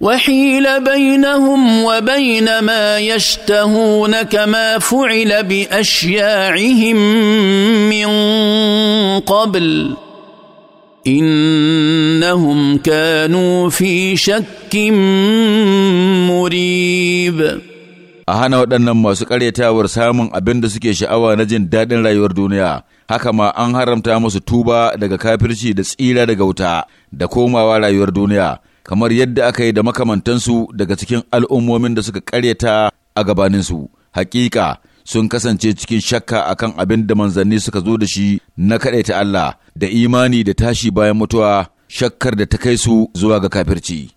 وحيل بينهم وبين ما يشتهون كما فعل باشياعهم من قبل انهم كانوا في شك مريب a hana waɗannan masu ƙaryatawar samun abin da suke sha'awa na jin daɗin rayuwar duniya haka ma an haramta musu tuba daga kafirci da tsira daga wuta da komawa rayuwar duniya kamar yadda aka yi da makamantansu daga cikin al'ummomin da suka karyata a gabaninsu, hakika sun kasance cikin shakka a kan abin da manzanni suka zo da shi na ta Allah da imani da tashi bayan mutuwa shakkar da ta kai su zuwa ga kafirci.